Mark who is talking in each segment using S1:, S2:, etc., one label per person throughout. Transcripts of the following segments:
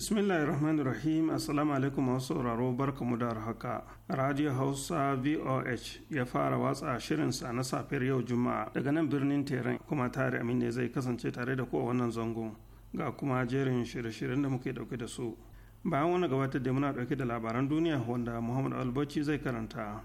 S1: bismillahir rahmanir rahim assalamu alaikum masu sauraro mu da haka radio hausa voh ya fara watsa shirinsa na safiyar yau juma'a daga nan birnin teran kuma tare ne zai kasance tare da kowa wannan zango ga kuma jerin shirye-shiryen da muke dauke da su bayan wani gabatar da muna dauke da labaran duniya wanda muhammad albaci zai karanta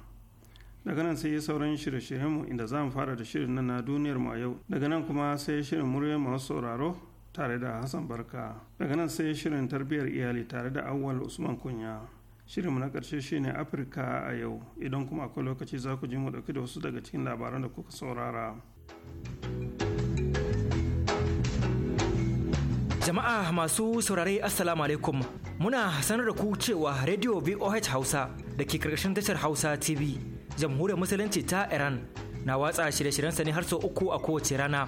S1: daga nan sai sauran shirye mu inda za mu fara da shirin na duniyar mu a yau daga nan kuma sai shirin muryar masu sauraro tare da hassan barka daga nan sai shirin tarbiyyar iyali tare da awwal usman kunya shirinmu na ƙarshe shine afirka a yau idan kuma akwai lokaci za ku ji mu ɗauki da wasu daga cikin labaran da kuka saurara
S2: jama'a masu saurare assalamu alaikum muna sanar da ku cewa radio voh hausa da ke karkashin tashar hausa tv jamhuriyar musulunci ta iran na watsa shirye shiryen ne har sau uku a kowace rana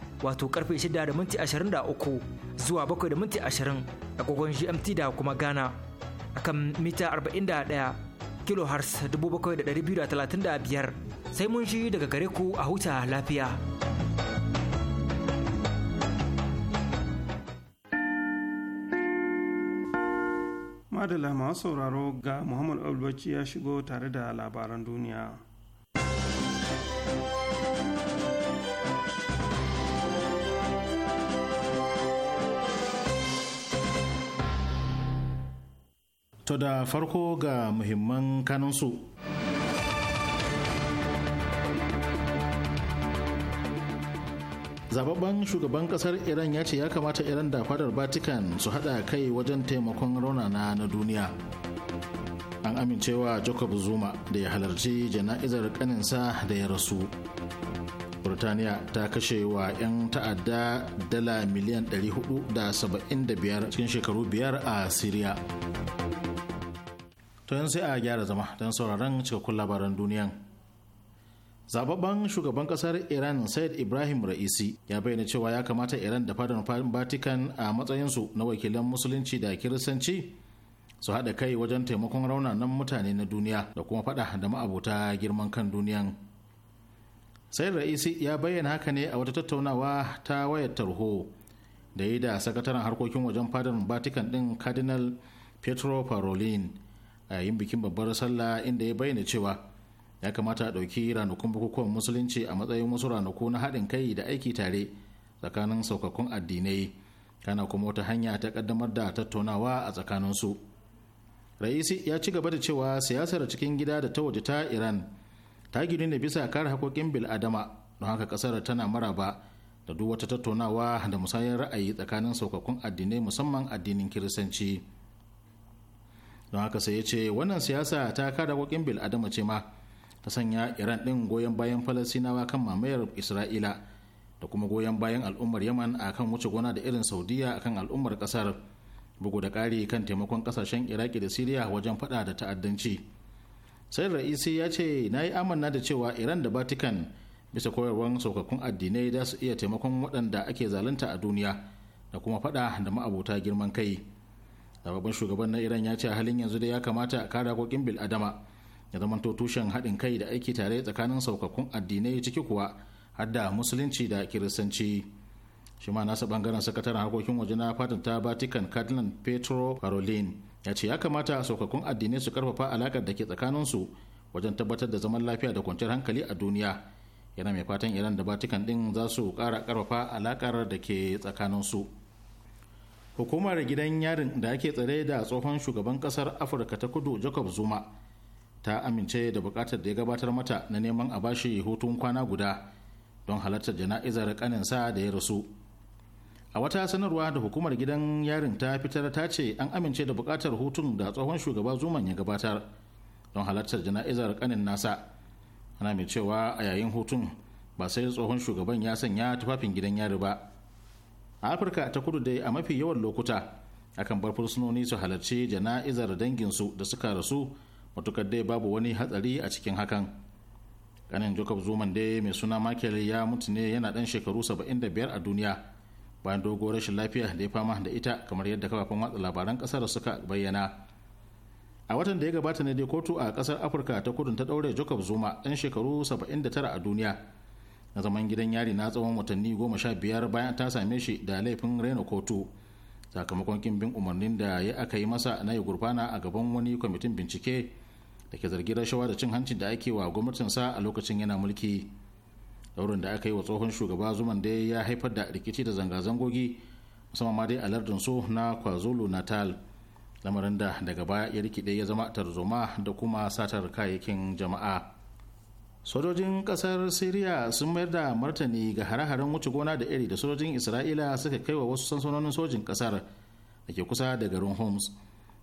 S2: wato karfe 6:23 da minti zuwa 7:20 da minti agogon GMT da kuma Ghana akan mita 41 kilohertz 7,235 sai mun shi daga gare ku a huta lafiya.
S1: Madala masu sauraro ga Muhammad Abubakar ya shigo tare da labaran duniya.
S3: To da farko ga muhimman kanunsu. zababban shugaban kasar iran ya ce ya kamata iran da fadar vatican su hada kai wajen taimakon raunana na duniya an amincewa jacob zuma da ya halarci jana'izar kaninsa da ya rasu burtaniya ta kashe wa 'yan ta'adda dala miliyan 475 cikin shekaru biyar a syria to yanzu sai a gyara zama don sauraron cikakkun labaran duniyan zababban shugaban kasar iran said ibrahim ra'isi ya bayyana cewa ya kamata iran da fadar vatican a matsayinsu na wakilan musulunci da kiristanci su haɗa kai wajen taimakon raunanan mutane na duniya da kuma faɗa da ma'abota girman kan duniyan said ra'isi ya bayyana haka ne a wata tattaunawa ta wayar tarho da yi da sakataren harkokin wajen fadar vatican ɗin cardinal petro parolin a yayin bikin babbar sallah inda ya bayyana cewa ya kamata a ɗauki ranakun bukukuwan musulunci a matsayin wasu ranaku na haɗin kai da aiki tare tsakanin saukakkun addinai kana kuma wata hanya ta ƙaddamar da tattaunawa a tsakaninsu raisi ya ci gaba da cewa siyasar cikin gida da ta waje ta iran ta gini ne bisa kare haƙoƙin bil'adama don haka ƙasar tana maraba da duk wata tattaunawa da musayar ra'ayi tsakanin saukakkun addinai musamman addinin kiristanci. don haka sai ya ce wannan siyasa ta kada kokin bil adama ce ma ta sanya iran din goyon bayan falasinawa kan mamayar isra'ila da kuma goyon bayan al'ummar yaman a kan wuce gona da irin saudiya a kan al'ummar kasar bugu da ƙari kan taimakon kasashen iraki da siriya wajen fada da ta'addanci sai ra'isi ya ce na yi amanna da cewa iran da vatican bisa koyarwar saukakkun addinai za su iya taimakon waɗanda ake zalunta a duniya da kuma fada da ma'abota girman kai zababban shugaban na iran ya ce a halin yanzu da ya kamata a kare haƙoƙin bil adama ya zamanto tushen haɗin kai da aiki tare tsakanin saukakkun addinai ciki kuwa har da musulunci da kiristanci shi ma nasa bangaren sakataren harkokin waje na fatan ta vatican cardinal petro parolin ya ce ya kamata saukakkun addinai su karfafa alakar da ke tsakanin su wajen tabbatar da zaman lafiya da kwanciyar hankali a duniya yana mai fatan iran da vatican ɗin za su kara karfafa alakar da ke tsakanin su hukumar gidan yarin da ake tsare da tsohon shugaban kasar afirka ta kudu jacob zuma ta amince da bukatar da ya gabatar mata na neman a bashi hutun kwana guda don halartar jana'izar kanin sa da ya rasu a wata sanarwa da hukumar gidan yarin ta fitar ta ce an amince da bukatar hutun da tsohon shugaba zuman ya gabatar don halartar jana'izar kanin nasa ana mai cewa a yayin hutun ba sai tsohon shugaban ya sanya tufafin gidan yari ba a afirka ta kudu dai a mafi yawan lokuta akan bar fursunoni su halarci jana'izar danginsu da suka rasu matukar dai babu wani hatsari a cikin hakan kanin jacob zuman dai mai suna michael ya mutu ne yana dan shekaru 75 a duniya bayan doguwar rashin lafiya da ya fama da ita kamar yadda kafafen watsa labaran kasar suka bayyana a watan da ya gabata ne dai kotu a kasar afirka ta kudu ta daure jacob zuma dan shekaru 79 a duniya na zaman gidan yari na tsawon watanni goma sha biyar bayan ta same shi da laifin raina kotu sakamakon kin bin umarnin da ya aka yi masa na yi gurfana a gaban wani kwamitin bincike da ke zargin rashawa da cin hancin da ake wa gwamnatinsa a lokacin yana mulki daurin da aka yi wa tsohon shugaba zuman da ya haifar da rikici da zanga-zangogi musamman ma dai a lardin so na kwazulu natal lamarin da daga baya ya rikide ya zama tarzoma da kuma satar kayayyakin jama'a sojojin kasar syria sun mayar da martani ga hare-haren wuce gona da iri da sojojin isra'ila suka kai wa wasu sansanonin sojin kasar da ke kusa da garin homs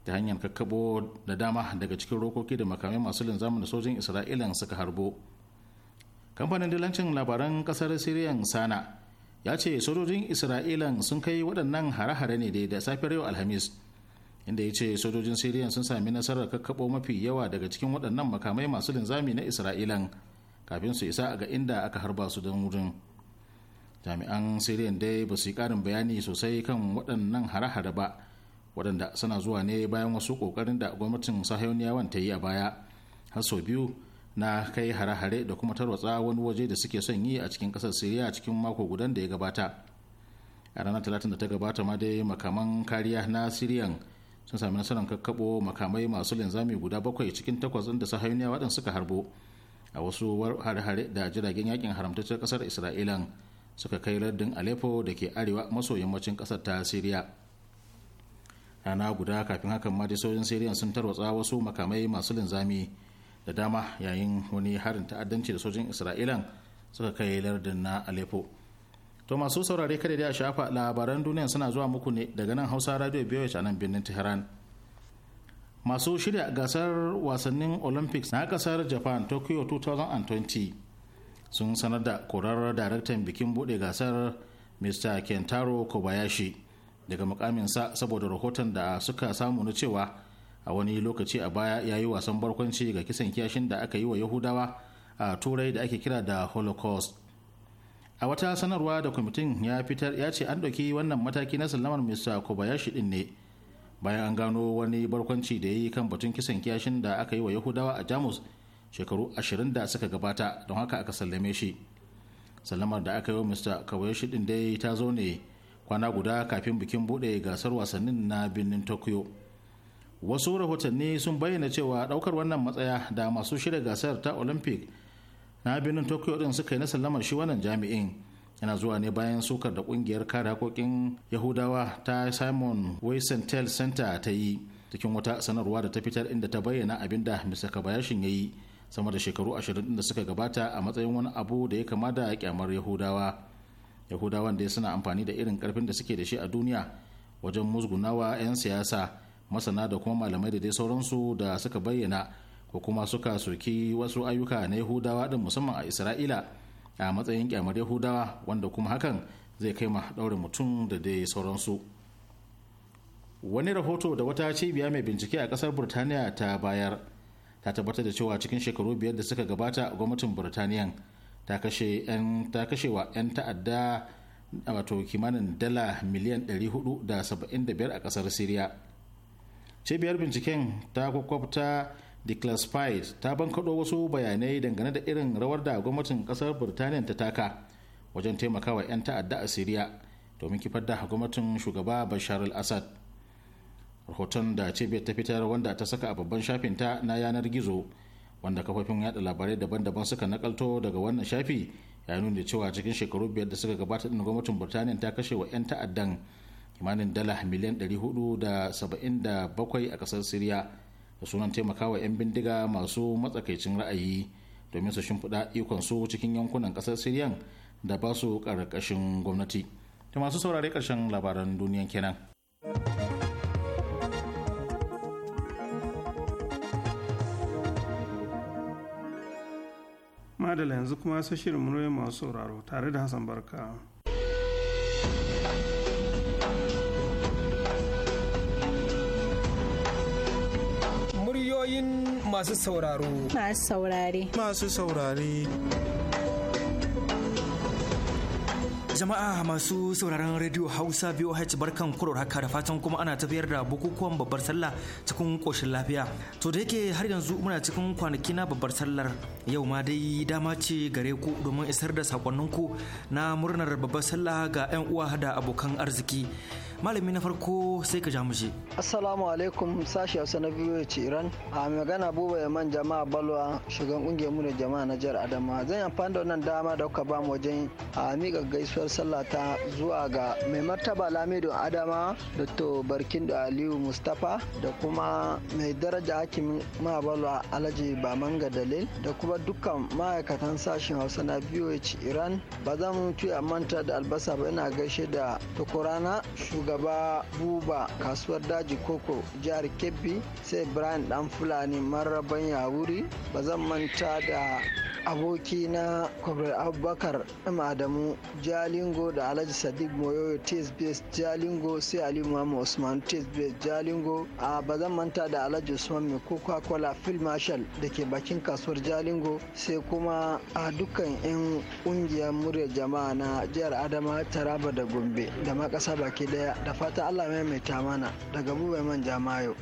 S3: da hanyar kakkabo da dama daga cikin rokoki da makamai masu linzamin da sojin isra'ila suka harbo kamfanin dilancin labaran kasar syrian sana ya ce sojojin isra'ila sun kai waɗannan hare-hare ne da safiyar yau alhamis inda ya ce sojojin syrian sun sami nasarar kakkabo mafi yawa daga cikin waɗannan makamai masu linzami na isra'ilan kafin su isa ga inda aka harba su don wurin jami'an siriyan dai ba su yi karin bayani sosai kan waɗannan hare-hare ba waɗanda suna zuwa ne bayan wasu ƙoƙarin da gwamnatin sahiyoniyawan ta yi a baya har sau biyu na kai hare-hare da kuma tarwatsa wani waje da suke son yi a cikin ƙasar siriya cikin mako gudan da ya gabata a ranar talatin da ta gabata ma dai makaman kariya na siriyan sun sami nasarar kakkaɓo makamai masu linzami guda bakwai cikin takwas da sahayoniyawa waɗanda suka harbo a wasu hare-hare da jiragen yakin haramtaccen kasar isra'ilan suka kai lardin aleppo da ke arewa maso yammacin kasar ta siriya rana guda kafin hakan ma sojin syria sun tarwatsa wasu makamai masu linzami da dama yayin wani harin ta'addanci da sojin isra'ilan suka kai lardin na aleppo to masu saurare kada da shafa labaran duniya suna zuwa muku ne daga nan hausa radio biyu a nan birnin tehran masu shirya gasar wasannin olympics na kasar japan tokyo 2020 sun sanar da korar daraktan bikin bude gasar mr kentaro kobayashi daga mukaminsa saboda rahoton da suka samu na cewa a wani lokaci a baya ya yi wasan barkwanci ga kisan kiyashin da aka yi wa yahudawa a turai da ake kira da holocaust a wata sanarwa da kwamitin ya fitar ya ce an ɗauki wannan mataki na sallamar mr kobayashi din ne bayan an gano wani barkwanci da ya yi kan batun kisan kiyashin da aka yi wa yahudawa a jamus shekaru ashirin da suka gabata don haka aka sallame shi sallamar da aka yi wa mr kawai din dai ta zo ne kwana guda kafin bikin bude gasar wasannin na birnin tokyo wasu rahotanni sun bayyana cewa daukar wannan matsaya da masu shirya gasar ta olympic na birnin tokyo din suka yi na sallamar shi wannan jami'in yana zuwa ne bayan sukar da kungiyar kare hakokin yahudawa ta simon weisenthal center ta yi cikin wata sanarwa da ta fitar inda ta bayyana abin da mr kabayashin ya yi sama da shekaru ashirin da suka gabata a matsayin wani abu da ya kama da kyamar yahudawa yahudawan da suna amfani da irin karfin da suke da shi a duniya wajen musgunawa 'yan siyasa masana da kuma malamai da dai sauransu da suka bayyana ko kuma suka soki wasu ayyuka na yahudawa din musamman a isra'ila a matsayin kyamar yahudawa wanda kuma hakan zai kai ma ɗaure mutum da dai sauransu wani rahoto da wata cibiya mai bincike a ƙasar burtaniya ta bayar ta tabbatar da cewa cikin shekaru biyar da suka gabata gwamnatin burtaniya ta kashe wa 'yan ta'adda wato kimanin dala miliyan 475 a ƙasar siriya cibiyar binciken ta kwakwabta Declan Spies ta bankaɗo wasu bayanai dangane da irin rawar da gwamnatin ƙasar burtaniya ta taka wajen taimakawa 'yan ta'adda a Siriya domin kifar da gwamnatin shugaba Bashar al-Assad. Rahoton da cibiyar ta fitar wanda ta saka a babban shafin ta na yanar gizo wanda kafofin yada labarai daban-daban suka nakalto daga wannan shafi ya nuna cewa cikin shekaru biyar da suka gabata din gwamnatin burtaniya ta kashe wa 'yan ta'addan kimanin dala miliyan 477 a ƙasar Siriya. da sunan taimakawa 'yan bindiga masu matsakaicin ra'ayi domin su shimfiɗa su cikin yankunan ƙasar siriyan da ba su ƙarƙashin gwamnati da masu saurare ƙarshen labaran duniyan kenan
S1: madala yanzu kuma sashirin muryoyin masu sauraro tare da hassan barka
S4: masu sauraro.
S5: Masu saurare.
S2: Masu saurare. Jama'a masu sauraron Radio Hausa VOH barkan kurar haka da fatan kuma ana tafiyar da bukukuwan babbar sallah cikin koshin lafiya. To da yake har yanzu muna cikin kwanaki na babbar sallar yau ma dai dama ce gare ku domin isar da sakonninku na murnar babbar sallah ga 'yan uwa da abokan arziki. malami na farko sai ka ja assalamu
S6: alaikum sashi hausa na biyu ce iran a magana buba yaman jama'a balwa shugaban kungiyar mu da jama'a na jihar adama zan amfani da wannan dama da kuka bamu wajen a miƙa gaisuwar sallah ta zuwa ga mai martaba lamido adama dr barkindo aliyu mustapha da kuma mai daraja hakimin balwa alhaji bamanga dalil da kuma dukkan ma'aikatan sashen hausa na voh iran ba zan tuya manta da albasa ba yana gaishe da tukurana shugaban Gaba buba kasuwar daji koko jihar kebbi sai brian dan fulani marraban wuri ba zan manta da aboki na kwabar abubakar adamu jalingo da alhaji sadiq moyoyo tesbes jalingo sai ali Muhammadu usman tesbes jalingo a ba zan manta da alhaji usman mai coca cola phil marshal da ke bakin kasuwar jalingo sai kuma a dukkan yan kungiyar murya jama'a na jihar adama taraba da gombe da ma baki daya da fatan allah maimaita mana daga bubai manja mayo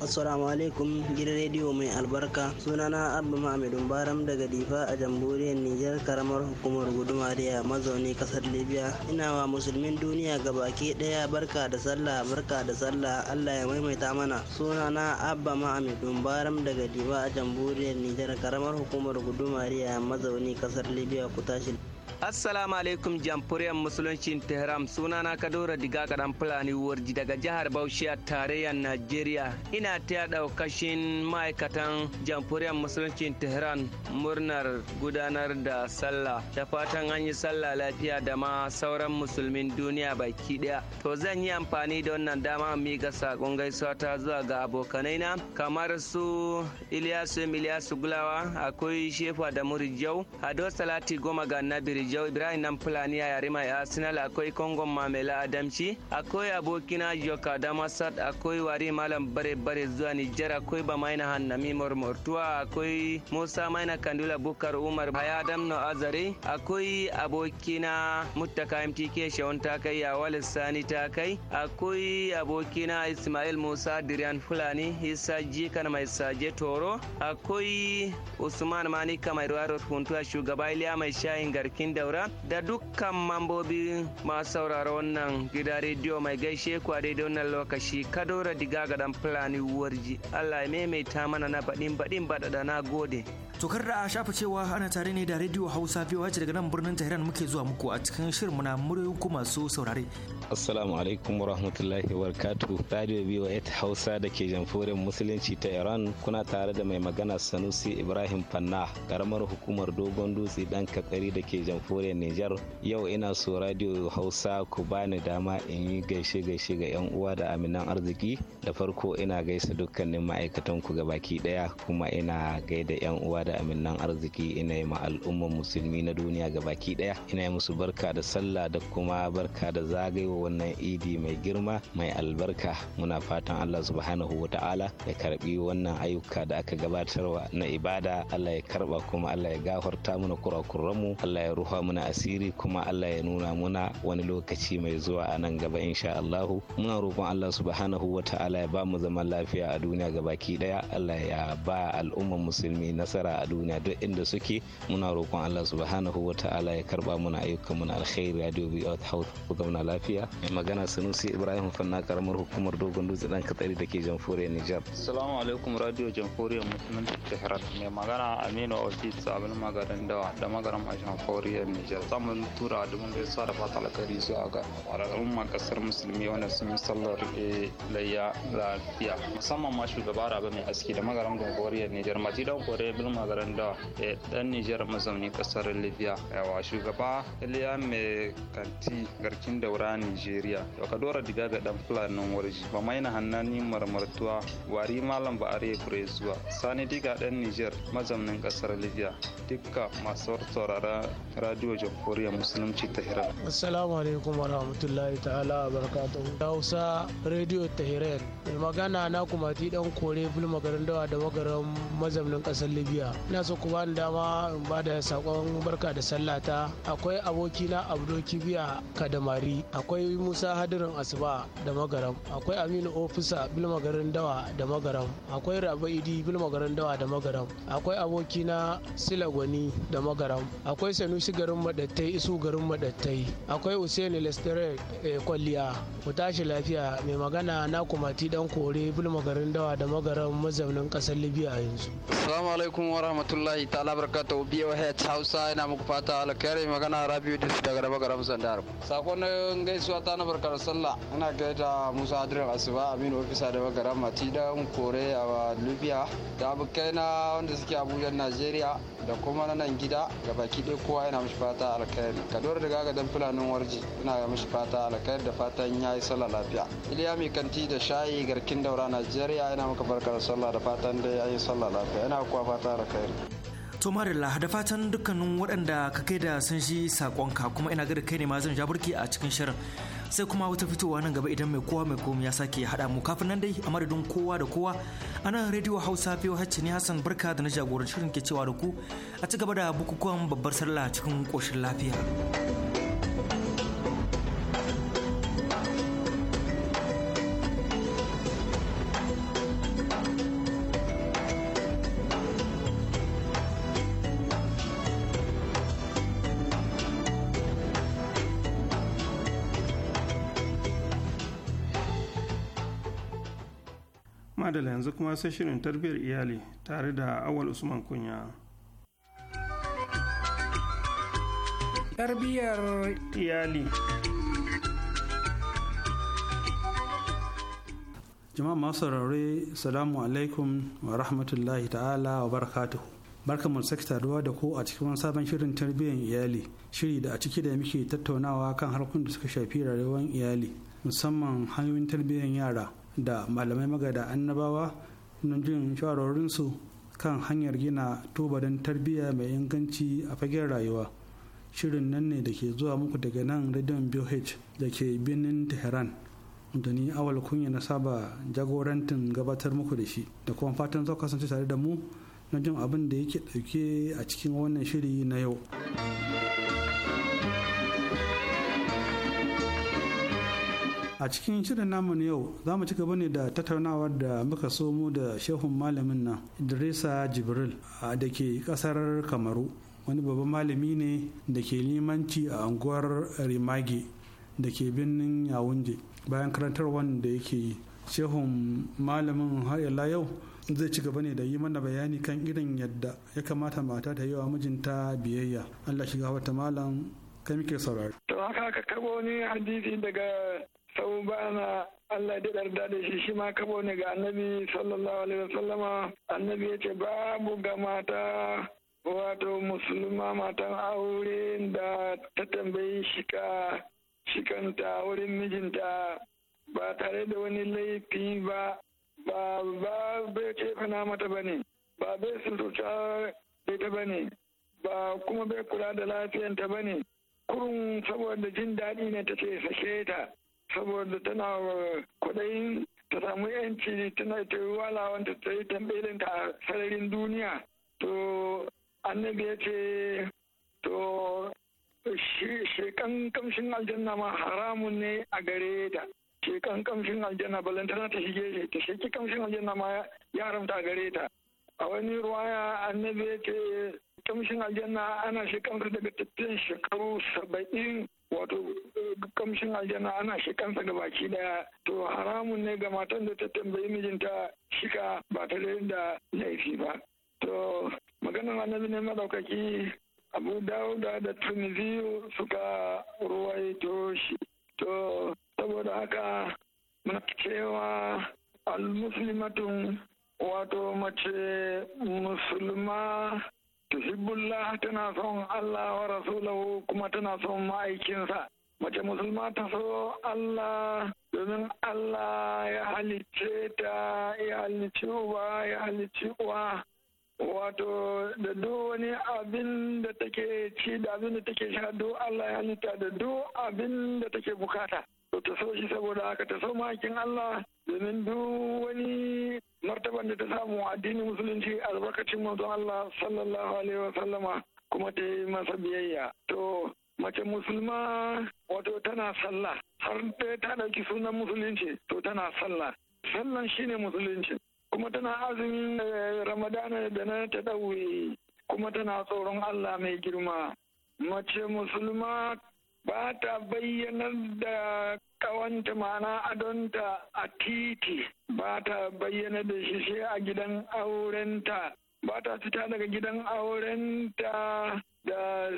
S6: Assalamu alaikum gidan rediyo mai albarka sunana Abba Ma'amidun Baram daga Difa a jamhuriyar Nijar karamar hukumar guduma da mazauni kasar Libya ina wa musulmin duniya gabaki daya barka da sallah barka da sallah Allah ya maimaita mana sunana Abba Ma'amidun Baram daga Difa a jamhuriyar Nijar karamar hukumar guduma mazauni kasar Libya ku tashi
S7: Assalamu alaikum jamhuriyar musuluncin Tehran sunana Kadora Diga Kadan Fulani Warji daga jihar Bauchi a tarayyar Najeriya. Ina taya daukashin ma'aikatan jamhuriyar musuluncin Tehran murnar gudanar da sallah da fatan an yi sallah lafiya da ma sauran musulmin duniya baki daya. To zan yi amfani da wannan dama miƙa sakon gaisuwa ta zuwa ga abokanai na kamar su Iliyasu Miliyasu Gulawa akwai Shefa da Murijau Ado Salati Goma ga Nabiri Rijau Ibrahim nan Fulani a yare mai Arsenal akwai Kongon Mamela Adamci akwai abokina Joka Damasat akwai Wari Malam Bare Bare zuwa Nijar akwai Bamaina Hannami Mormortuwa akwai Musa Maina Kandula Bukar Umar Haya Adam No Azare akwai abokina Muttaka MTK Shawun Takai wale Sani Takai akwai abokina Ismail Musa Dirian Fulani Isa Jikan Mai Saje Toro akwai Usman Manika Mai Ruwa Runtuwa shugaba Iliya Mai Shayin Garkin daura da dukkan mambobi masu sauraro wannan gida rediyo mai gaishe ku a daidai wannan lokaci kadora diga ga dan fulani warji allah ya maimaita mana na baɗin baɗin baɗaɗa na gode tokar
S2: da a shafa cewa ana tare ne da rediyo hausa biyu wacce daga nan birnin tehran muke zuwa muku a cikin shirin muna
S8: muryoyin ku masu saurare assalamu alaikum wa wabarakatuh radio biyu ta hausa da ke jamforin musulunci ta iran kuna tare da mai magana sanusi ibrahim fanna karamar hukumar dogon dutse dan katsari da ke jamhuriyar jamhuriyar Nijar. Yau ina so radio Hausa ku bani dama in yi gaishe gaishe ga 'yan uwa da aminan arziki. Da farko ina gaisa dukkanin ma'aikatan ku gabaki daya kuma ina gaida 'yan uwa da aminan arziki ina yi ma al'ummar musulmi na duniya gabaki daya. Ina yi musu barka da sallah da kuma barka da zagayewa wannan idi mai girma mai albarka. Muna fatan Allah subhanahu wata'ala ya karbi wannan ayyuka da aka gabatarwa na ibada Allah ya karba kuma Allah ya gafarta mana kurakuranmu Allah ya ruha rufa muna asiri kuma Allah ya nuna muna wani lokaci mai zuwa a nan gaba insha Allahu muna roƙon Allah subhanahu wa ta'ala ya ba mu zaman lafiya a duniya gabaki daya Allah ya ba al'ummar musulmi nasara a duniya duk inda suke muna roƙon Allah subhanahu wa ta'ala ya karba muna ayyukan mu na alkhairi radio bi out house ku zauna lafiya mai magana Sanusi Ibrahim Fanna karamar hukumar Dogon Dutse dan Katsari dake jamhuriyar Nijar assalamu alaikum radio jamhuriyar musulmin Tehran mai magana Aminu Osi Abdul Magadan Dawa da magaran Mashan Nijar za tura da mun gaisa da fata alkhairi zuwa ga al'umma kasar musulmi wanda sun yi sallar eh, layya lafiya musamman ma shugaba rabe mai aski da magaran gwagwariyar Nijar Matidan Kore Bil magaran da dan eh, Nijar mazauni kasar Libya yawa shugaba Iliya mai kanti garkin daura Nijeriya ka dora Diga ga dan Fulanin Warji ba maina hannani marmartuwa wari malam ba are zuwa Sani Diga dan Nijar mazaunin kasar Libya dukka masu saurara radio jamhuriyar musulunci ta iran
S6: assalamu alaikum wa rahmatullahi ta'ala wa barakatuhu hausa radio ta iran
S4: magana na kuma ti dan kore filma garin dawa da magaran mazamnin kasar libya ina so ku bani dama in ba da sakon barka da sallata akwai abokina abdo kibiya kadamari akwai musa hadirin asuba da magaram akwai aminu ofisa bilma garin dawa da magaram akwai rabaidi bilma garin dawa da magaram akwai abokina silagwani da magaram akwai sanusi garin madattai isu garin madattai akwai usaini lestare eh, kwalliya mu tashi lafiya mai magana na kumati dan kore bulma garin dawa da magaran mazaunin kasar libya yanzu
S6: assalamu alaikum wa rahmatullahi ta'ala barakatuhu biyo hausa ina muku fata alkhairi magana rabiu da su daga raba sakon gaisuwa ta na barkar sallah ina gaida musa adirin asuba aminu ofisa da magaran mati dan kore a libya da abokaina wanda suke abuja najeriya da kuma na nan gida ga baki ɗaya kowa yana mishi fata alkhairi dora da gaga dan fulanin warji ina mishi fata alkhairi da fatan ya yi sallah lafiya iliya mai kanti da shayi garkin daura
S9: najeriya ina maka barkar sallah da fatan da ya yi sallah lafiya ina kuwa fata alkhairi
S2: To Marilla da fatan dukkanin waɗanda ka kai da sun shi saƙonka kuma ina gada kai ne ma zan ja burki a cikin shirin sai kuma wata fitowa nan gaba idan mai kowa mai komi ya sake haɗa mu kafin nan dai a madadin kowa da kowa a nan rediyo Hausa fiye hacci ne Hassan barka da na jagorancin shirin ke cewa da ku a ci gaba da bukukuwan babbar sallah cikin koshin lafiya.
S1: madala yanzu kuma sai shirin tarbiyyar iyali tare da awal usman kunya
S9: tarbiyyar iyali jama'a masu saurare salamu alaikum wa rahmatullahi ta'ala wa barakatuh barka mu sake taruwa da ku a cikin wani sabon shirin tarbiyyar iyali shiri da a ciki da muke tattaunawa kan harkokin da suka shafi rayuwar iyali musamman hanyoyin tarbiyyar yara da malamai magada annabawa don jin shawarorinsu kan hanyar gina tubalin tarbiyya mai inganci a fagen rayuwa shirin nan ne da ke zuwa muku daga nan radion boh da ke birnin tehran da ni awal kunya na saba jagorantin gabatar muku da shi da kuma fatan zau kasance tare da mu na jin abin da yake dauke a cikin wannan shiri na yau. a cikin shirin namu na yau za mu ci gaba ne da tattaunawar da muka somo da shehun malamin nan idrisa jibril da ke kasar kamaru wani babban malami ne da ke limanci a unguwar rimage da ke birnin yawunje bayan karantar wanda yake yi shehun malamin har yau zai ci gaba ne da yi mana bayani kan irin yadda ya kamata mata ta yi wa mijinta biyayya Allah shiga wata malam kai muke saurari.
S10: To haka ka karbo ni hadisi daga sau bana Allah da yarda da shi shi ma kabo ne ga annabi sallallahu alaihi wasallama annabi ya ce babu ga mata wato musulma matan aure da ta tambayi shika shikanta wurin mijinta ba tare da wani laifi ba ba ba bai fana mata ba ne ba bai sututa da ita ba ne ba kuma bai kula da lafiyanta ba ne kurun saboda jin daɗi ne ta ce sashe ta saboda tana kwaɗayin ta samu yanci tana ta yi wala wanda ta yi tambayin a sararin duniya to annabi ya ce to shekan kamshin aljanna ma haramun ne a gare ta shekan kamshin aljanna balantana ta shige shi ta sheki kamshin aljanna ma ya haramta a gare ta a wani ruwaya annabi ya ce kamshin aljanna ana shekan daga tattalin shekaru saba'in wato eh, kamshin aljanna ana shi kansa ga baki daya to haramun ne ga matan da ta tambayi mijinta shika ba ta da laifi ba to maganin annabi ne madaukaki abu dauda da tunziyu suka to shi to saboda haka muna cewa al-muslimatun wato mace musulma tuhibbullah tana son Allah wa rasulahu kuma tana son ma'aikinsa mace musulma ta so Allah domin Allah ya halicce ta ya halicci uba ya halicci uwa wato da duk wani abin da take ci da abin da take sha duk Allah ya halitta da duk abin da take bukata to ta so saboda haka ta so makin Allah domin duk wani martaban da ta samu addinin musulunci albarkacin manzon Allah sallallahu alaihi wa sallama kuma ta yi masa biyayya to mace musulma wato tana sallah har ta ɗauki sunan musulunci to tana sallah sallan shine musulunci kuma tana azumin eh, ramadana da na ta dauwe kuma tana tsoron Allah mai girma mace musulma ba ta bayyanar da kawanta mana adonta a titi ba ta bayyana da shi sai a gidan aurenta ba ta fita daga gidan aurenta da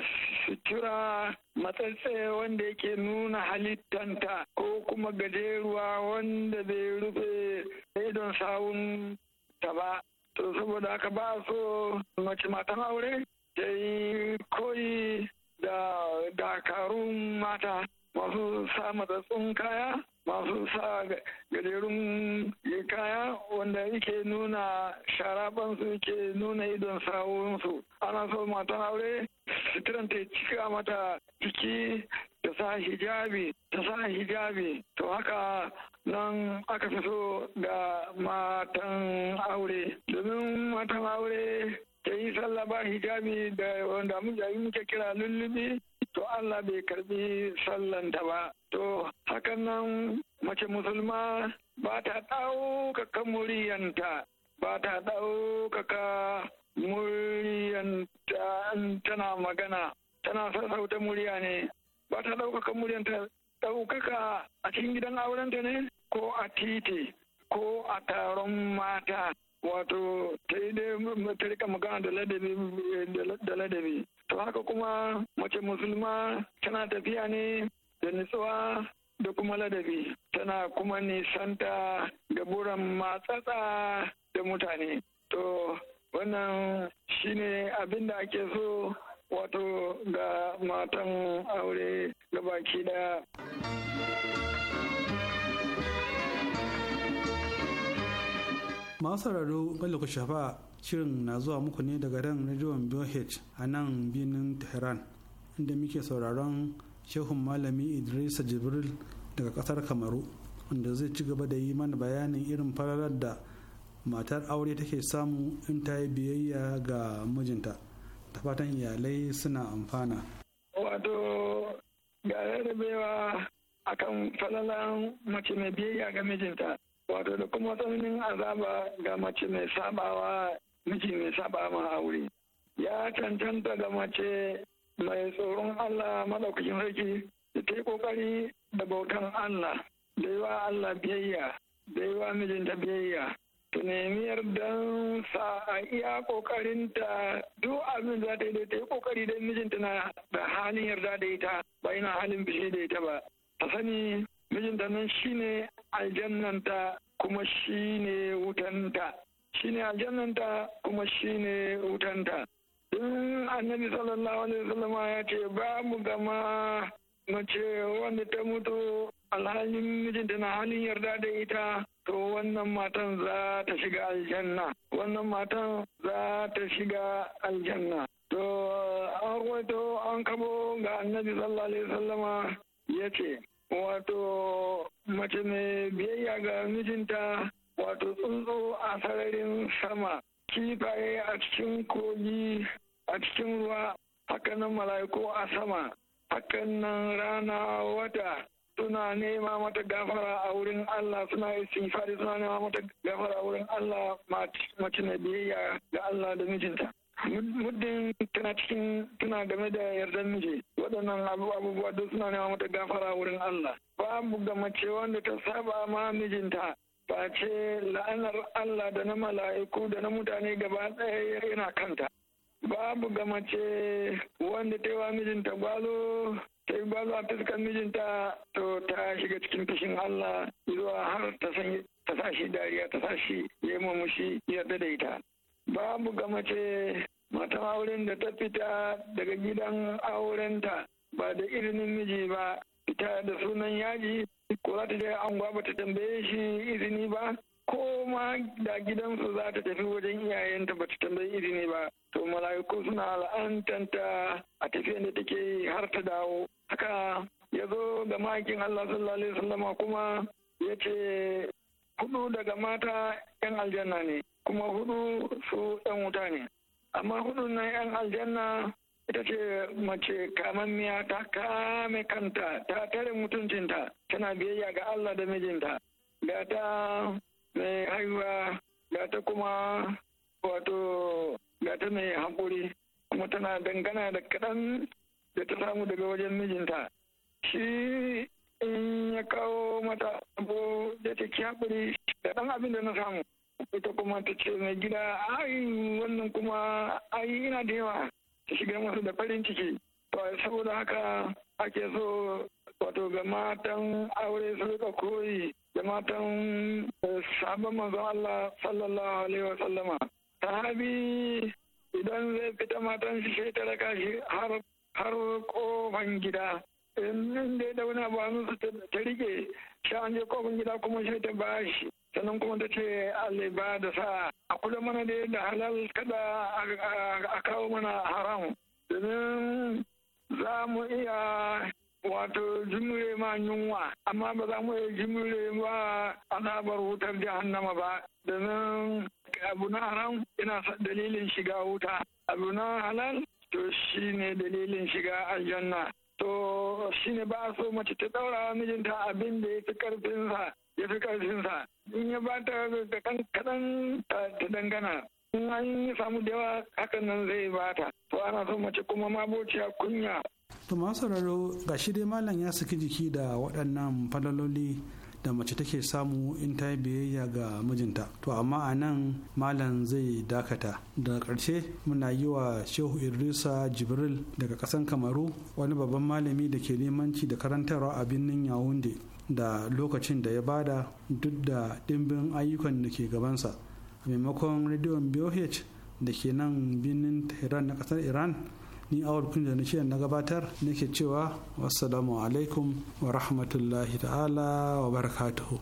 S10: sutura matsatse wanda yake nuna halittanta ko kuma gajeruwa wanda bai rufe idon sawun ta ba to saboda haka ba so mace matan aure ta yi koyi da dakarun mata masu sa matsatsun kaya masu sa gajerun kaya wanda yake nuna sharabansu yake nuna idon sawunsu ana so matan aure suturan ta cika mata ciki ta sa hijabi ta sa hijabi to haka nan aka fi so ga matan aure domin matan aure ta yi sallah ba hijabi da wanda muke kira lullubi to Allah bai karbi sallanta ba to hakan nan mace musulma ba ta ɗaukaka muryanta ba ta ɗaukaka muryanta tana magana tana sassauta murya ne ba ta ɗaukaka muryanta ɗaukaka a cikin gidan aurenta ne ko a titi ko a taron mata wato ta yi dai matarika rika magana da ladabi da ladabi to haka kuma mace musulma tana tafiya ne da nutsuwa da kuma ladabi tana kuma nisanta da buran matsatsa da mutane to wannan shine abin da ake so wato ga matan aure baki daya.
S9: masu sauraro shafa shirin na zuwa muku ne daga ran rediyon bioh a nan birnin Tehran inda muke sauraron shehun malami Idrisa Jibril daga kasar Kamaru wanda zai ci gaba da yi mana bayanin irin falalar da matar aure take samu in ta yi biyayya ga mijinta ta fatan iyalai suna amfana.
S10: Wato ga a akan falalan mace mai biyayya ga mijinta wato da kuma tsananin azaba ga mace mai sabawa miji mai saba ma aure ya cancanta ga mace mai tsoron Allah madaukakin sarki da ta yi kokari da bautan Allah da yi wa Allah biyayya da yi wa mijinta biyayya ta nemi yardan sa a iya kokarinta duk abin za ta yi da ta yi kokari da mijinta na da halin yarda da ita ba ina halin bishe da ita ba ta sani mijinta nan ne aljannanta kuma ne wutanta ne aljannanta kuma shine wutanta in annabi sallallahu alaihi wasallam ya ce ba mu gama mace wanda ta mutu alhalin mijinta na halin yarda da ita to wannan matan za ta shiga aljanna wannan matan za ta shiga aljanna to an wato an kabo ga annabi sallallahu alaihi wasallama ya ce wato mace mai biyayya ga mijinta wato tsuntsu a sararin sama kifaye a cikin kogi a cikin ruwa hakanan mala'iku a sama hakanan rana wata suna nema mata gafara a wurin Allah suna istighfari suna nema mata gafara a wurin Allah mace na biyayya ga Allah da mijinta muddin tana cikin tana game da yardar miji waɗannan abubuwa duk suna nema mata gafara wurin Allah babu ga mace wanda ta saba ma mijinta Ba ce la'anar Allah da na mala'iku da na mutane gaba ɗaya yana kanta babu ga mace wanda ta yi wa mijinta gwalo ta yi gwalo a fuskar mijinta to ta shiga cikin fushin Allah zuwa har ta sa shi dariya ta sa shi ya yi mamushi yarda da ita babu ga mace matan auren da ta fita daga gidan aurenta ba da izinin miji ba fita da sunan yaji ko za ta je anguwa ba ta tambaye shi izini ba ko ma da gidansu za ta tafi wajen iyayenta ba ta tambayi izini ba to mala'iku suna la'antanta a tafiyar da take har ta dawo haka ya zo ga makin Allah sallallahu alaihi wasallama kuma ya ce hudu daga mata yan aljanna ne kuma hudu su yan wuta ne amma hudu na yan aljanna ita ce mace kamammiya ta kame kanta ta tare mutuncinta tana biyayya ga Allah da mijinta ga ta mai haihuwa ga ta kuma wato ga ta mai haƙuri kuma tana dangana da kaɗan da ta samu daga wajen mijinta shi in ya kawo mata abu da ta kyaɓuri da ɗan abin da na samu ita kuma ta ce mai gida ai wannan kuma ai ina da yawa ta shiga masu da farin ciki to saboda haka ake so wato ga matan aure su rika koyi da matan eh, sabon manzon Allah sallallahu alaihi wa sallama sahabi idan zai fita matan shi sai ta raka shi har har kofan gida in dai da wani abu ta rike shi an je kofan gida kuma sai ta bashi sannan kuma ta ce Allah ba da sa a kula mana da yadda halal kada a kawo mana haram domin za mu iya wato jimure ma yunwa amma ba za mu iya jimure ba azabar wutar jahannama ba domin abu na haram ina dalilin shiga wuta abu na halal to shine dalilin shiga aljanna to shi ne ba so mace ta daura mijinta abin da ya fi karfinsa ya fi sa in ya ba ta kadan ta dangana in an yi samu da yawa hakan nan zai ba ta to ana so mace kuma mabociya kunya
S9: to masu sauraro ga shi dai malam ya saki jiki da waɗannan falaloli da mace take samu in ta yi biyayya ga mijinta to amma a nan malam zai dakata daga ƙarshe muna yi wa shehu idrisa jibril daga ƙasan kamaru wani babban malami da ke limanci da karantarwa a birnin yawunde da lokacin da ya bada duk da ɗimbin ayyukan da ke gabansa a maimakon rediyon boh da ke nan birnin tehran na ƙasar iran ni awal da na shirin na gabatar nake cewa wassalamu alaikum wa rahmatullahi ta'ala wa barakatuhu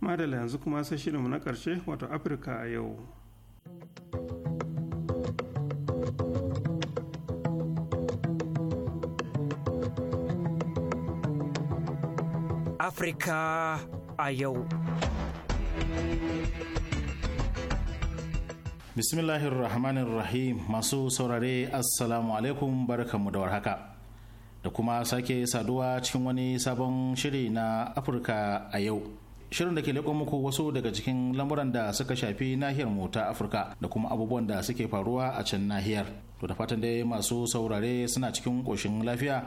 S1: madala yanzu kuma sai mu na karshe wato afirka a yau
S2: Afrika a yau
S3: bismillahir rahmanir rahim masu saurare assalamu alaikum barkanmu da warhaka da kuma sake saduwa cikin wani sabon shiri na afirka a yau shirin da ke leƙo muku wasu daga cikin lamuran da suka shafi nahiyar mu ta afirka da kuma abubuwan da suke faruwa a can nahiyar to da fatan dai masu saurare suna cikin ƙoshin lafiya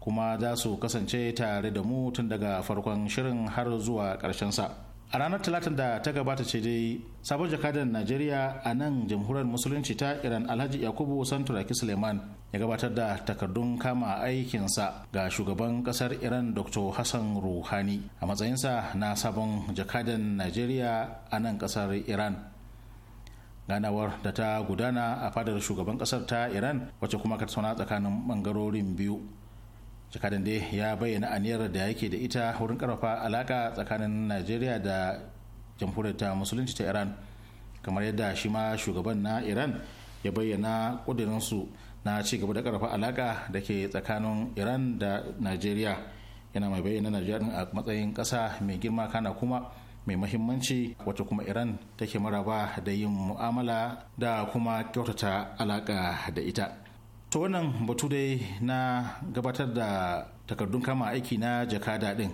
S3: kuma za su kasance tare da mu tun daga farkon shirin har zuwa ƙarshen sa a ranar talatin da ta gabata ce dai sabon jakadar najeriya a nan jamhuriyar musulunci ta iran alhaji yakubu santuraki suleiman ya gabatar da takardun kama aikinsa ga shugaban kasar iran dr hassan ruhani a matsayinsa na sabon jakadan najeriya a nan kasar iran ganawar da ta gudana a fadar shugaban kasar ta iran wacce kuma ka tsakanin bangarorin biyu jakadan dai ya bayyana aniyar da yake da ita wurin karfafa alaka tsakanin najeriya da jamhuriyar ta musulunci ta iran kamar yadda shi ma shugaban na iran ya bayyana kudirinsu na ci gaba da karfafa alaka da ke tsakanin iran da najeriya yana mai bayyana najeriya a matsayin kasa mai girma kana kuma mai mahimmanci wata kuma iran take maraba da yin mu'amala da kuma kyautata alaka da ita to wannan batu dai na gabatar da takardun kama aiki na jakada din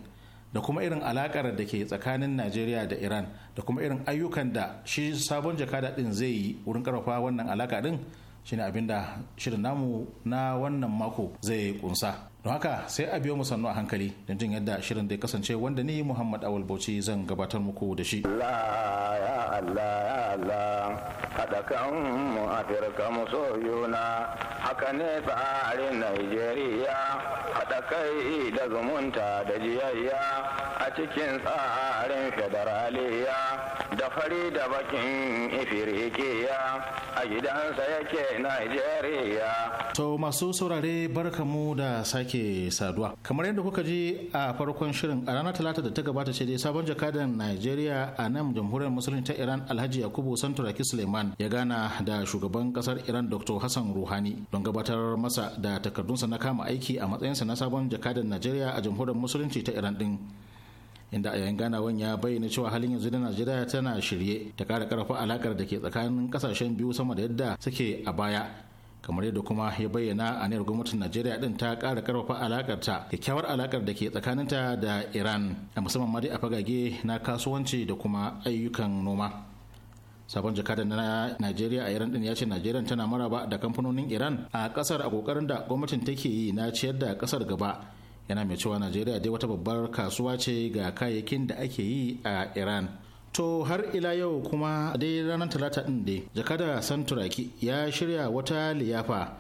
S3: da kuma irin alakar da ke tsakanin najeriya da iran da kuma irin ayyukan da shi sabon jakada din zai yi wurin karfafa wannan alaka din shine abinda shirin namu na wannan mako zai kunsa don haka sai a biyo mu sannu a hankali don jin yadda shirin da kasance wanda ni muhammad awal bauchi zan gabatar muku da shi haɗa kan mu afirka
S6: mu soyuna haka ne tsarin nigeria haɗa kai da zumunta da jiyayya a cikin tsarin federaliya da fari da bakin ifirikiya a gidansa
S5: yake Najeriya.
S3: To masu saurare barka mu da sake saduwa. Kamar yadda kuka ji a farkon shirin a ranar talata da ta gabata ce dai sabon jakadan Najeriya a nan jamhuriyar musulunci ta Iran Alhaji Yakubu Santuraki Suleiman ya gana da shugaban kasar Iran Dr. Hassan Ruhani don gabatar masa da takardunsa na kama aiki a matsayinsa na sabon jakadan Najeriya a jamhuriyar musulunci ta Iran din. inda a yayin ganawan ya bayyana cewa halin yanzu da najeriya tana shirye ta kara karfa alakar da ke tsakanin kasashen biyu sama da yadda suke a baya kamar yadda kuma ya bayyana a niyyar gwamnatin najeriya din ta kara karfafa alakar ta kyakkyawar alakar da ke tsakanin ta da iran a musamman ma dai a fagage na kasuwanci da kuma ayyukan noma sabon jakadan na najeriya a iran din ya ce najeriya tana maraba da kamfanonin iran a kasar a kokarin da gwamnatin take yi na ciyar da kasar gaba yana mai cewa najeriya dai wata babbar kasuwa ce ga kayayyakin da ake yi a iran To har ila yau kuma dai ranar talata din dai jakada santuraki ya shirya wata liyafa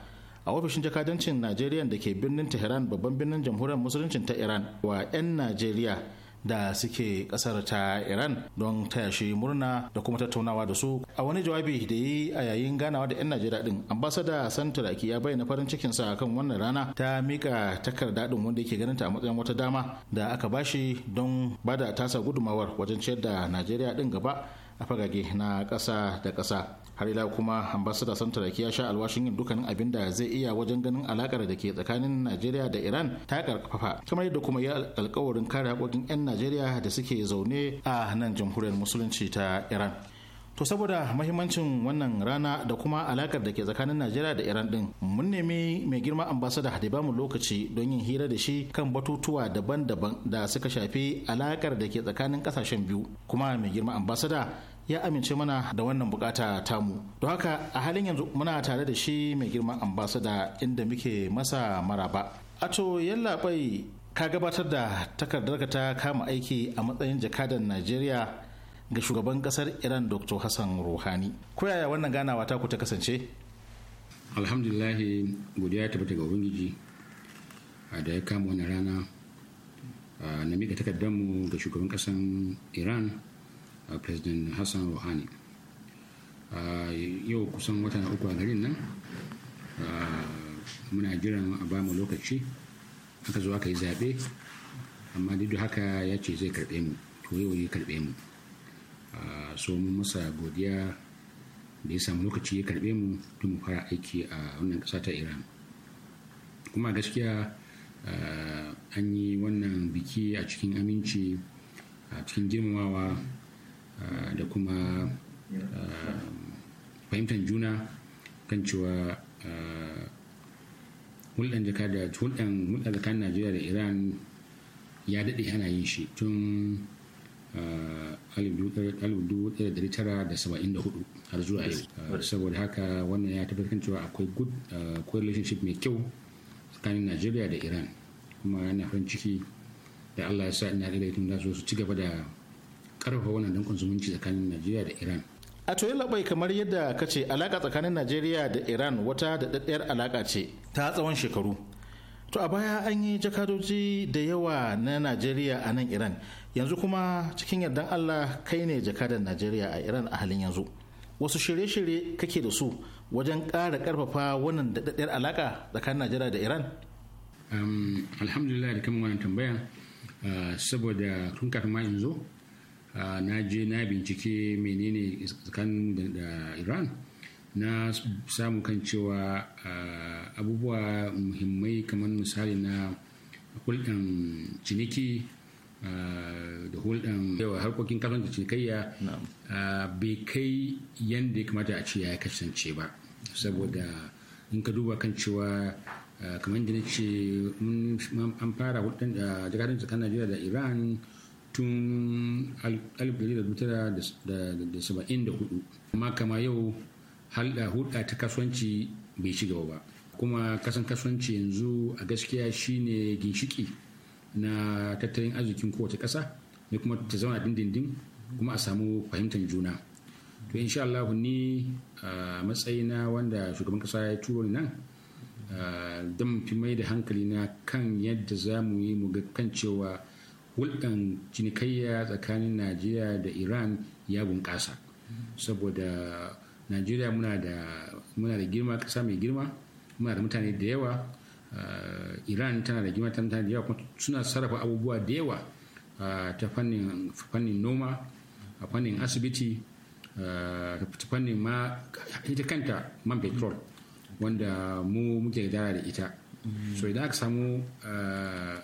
S3: a ofishin jakadancin Najeriya da ke birnin Tehran babban birnin jamhuriyar musuluncin ta Iran wa 'yan Najeriya da suke kasar ta iran don taya shi murna da kuma tattaunawa da su a wani jawabi da yi a yayin ganawa da 'yan najeriya din ambasada santuraki ya bayyana farin cikin sa kan wannan rana ta mika takarda din wanda yake ganin ta a matsayin wata dama da aka bashi don bada tasa gudumawar wajen ciyar da najeriya din gaba a fagage na ƙasa da ƙasa har ila kuma ambassador santaraki ya sha alwashin yin dukkanin abin da zai iya wajen ganin alakar da ke tsakanin najeriya da iran ta karfafa kamar yadda kuma ya alkawarin kare hakokin 'yan najeriya da suke zaune a nan jamhuriyar musulunci ta iran To saboda mahimmancin wannan rana da kuma alakar da ke tsakanin Najeriya da Iran din, mun nemi mai girma ambasada da bamu lokaci don yin hira da shi kan batutuwa daban-daban da suka shafi alakar da ke tsakanin kasashen biyu. Kuma mai girma ambasada ya amince mana da wannan bukata tamu don haka a halin yanzu muna tare da shi mai girman ambasada inda muke masa maraba ato yallaɓai ka gabatar da takardarka ta kama aiki a matsayin jakadan najeriya ga shugaban kasar iran dr hassan ruhani ko yaya wannan ganawa ta ku ta kasance
S11: alhamdulahi godiya ta ga ubangiji da ya kama wani rana na miƙa mu ga shugaban ƙasar iran Uh, president hassan rouhani uh, yau kusan wata uku a garin nan uh, muna jiran a mu lokaci aka zo aka yi zaɓe amma duk haka ya ce zai karɓe mu to yau ya karɓe mu so mun masa godiya da ya samu lokaci ya karɓe mu tun mu fara aiki a wannan ƙasa ta iran kuma gaskiya an yi wannan biki a cikin aminci a cikin girmamawa Eh, da kuma eh, fahimtar juna kan cewa eh, hulɗan da hulɗan tsakanin najeriya da iran ya daɗe ana yin shi tun 1974 har zuwa yau saboda haka wannan ya tabbatar kan cewa akwai good relationship mai kyau tsakanin najeriya da iran kuma yana farin ciki da allah ya sa ina da za su ci gaba da karfafa wannan dankon zumunci tsakanin najeriya da iran
S3: a to labai kamar yadda ka ce alaka tsakanin najeriya da iran wata da alaka ce ta tsawon shekaru to a baya an yi jakadoji da yawa na najeriya a nan iran yanzu kuma cikin yardan allah kai ne jakadan najeriya a iran a halin yanzu wasu shirye-shirye kake da su wajen ƙara ƙarfafa wannan daɗaɗɗiyar alaka tsakanin najeriya da iran
S11: alhamdulillah da kan wannan tambaya ah, saboda tun kafin ma yanzu Ah, na je na bincike menene tsakanin da iran na samu kan cewa ah, abubuwa muhimmai kamar misali na hulɗan ciniki ah, da hulɗan harkokin kasuwanci cinikayya bai kai yadda ya kamata a ce ya kasance ba saboda in ka duba kan cewa kamar da na ce an fara hulɗan da jakadun tsakanin najeriya da iran tun hudu amma kama yau hulɗa ta kasuwanci bai ci ba kuma kasan kasuwanci yanzu a gaskiya shine ginshiki na tattalin arzikin kowace ƙasa ne kuma ta zauna dindindin kuma a samu fahimtar juna to insha Allah ni a matsayina wanda shugaban ƙasa ya turo ni nan don fi mai da hankali na kan yadda za mu yi mu ga kan cewa hulɗan cinikayya tsakanin najeriya da iran ya bunƙasa saboda najeriya muna da girma ƙasa mai girma muna da mutane da yawa eh, iran tana da girma tana da yawa kuma suna sarrafa abubuwa da yawa eh, ta fannin noma a fannin asibiti eh, ta fannin ma ita kanta man petrol wanda mu muke da ita so idan